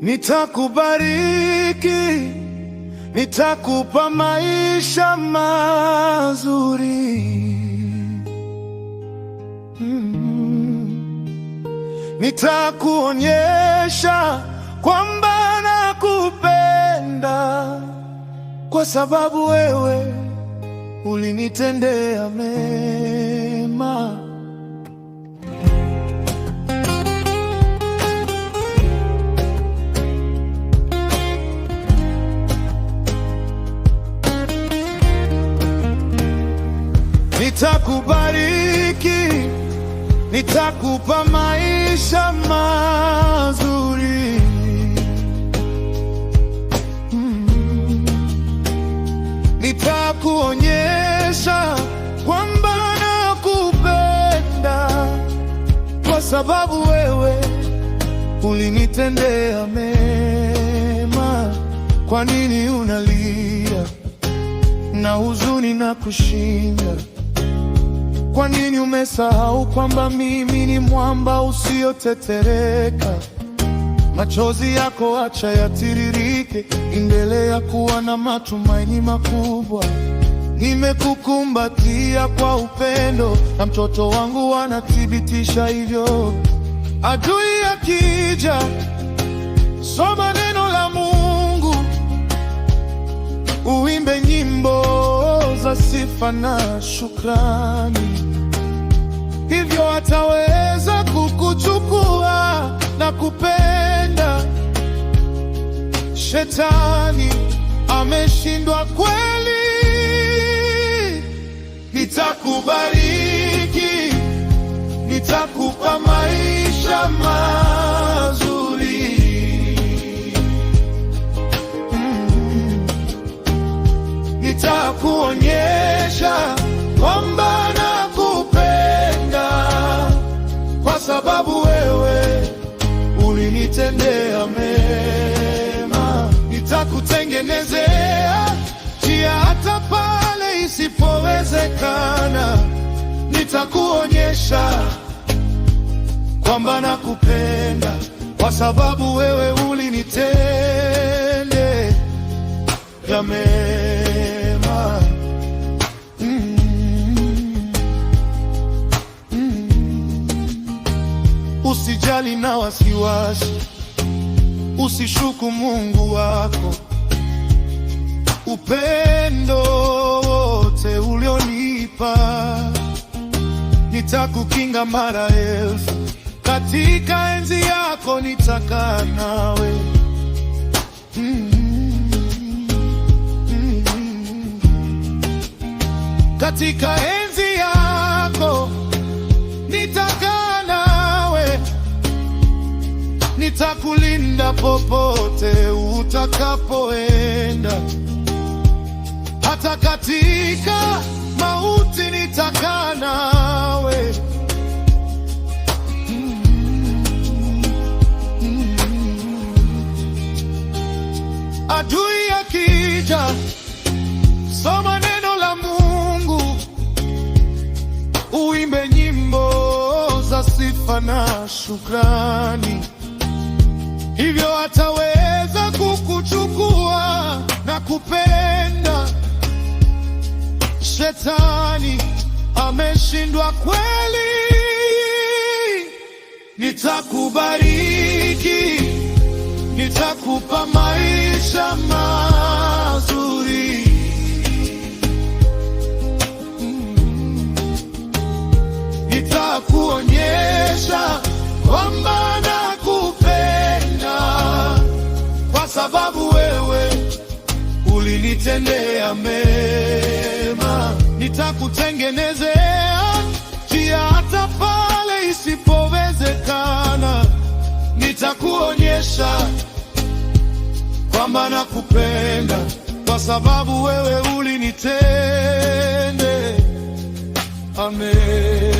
Nitakubariki, nitakupa maisha mazuri mm-hmm. Nitakuonyesha kwamba nakupenda kwa sababu wewe ulinitendea mema. nitakubariki, nitakupa maisha mazuri. Mm. Nitakuonyesha kwamba nakupenda kwa sababu wewe ulinitendea mema. Kwa nini unalia na huzuni na kushinda? Kwa nini umesahau kwamba mimi ni mwamba usiotetereka? Machozi yako acha yatiririke, endelea kuwa na matumaini makubwa. Nimekukumbatia kwa upendo, na mtoto wangu anathibitisha hivyo. Adui akija, soma neno la Mungu, uimbe nyimbo za sifa na shukrani hivyo ataweza kukuchukua na kupenda. Shetani ameshindwa kweli. Nitakubariki, nitakupa maisha ma nitakuonyesha kwamba nakupenda kwa sababu wewe ulinitende ya mema. Mm Mm Usijali na wasiwasi, usishuku Mungu wako nitakukinga mara elfu katika enzi yako nitakaa nawe mm-hmm. katika enzi yako nitakaa nawe, nitakulinda popote utakapoenda hata katika na shukrani, hivyo ataweza kukuchukua na kupenda. Shetani ameshindwa kweli. Nitakubariki, nitakupa maisha mazuri nitakutengenezea njia hata pale isipowezekana, nitakuonyesha kwamba nakupenda kwa sababu wewe ulinitende. Amen.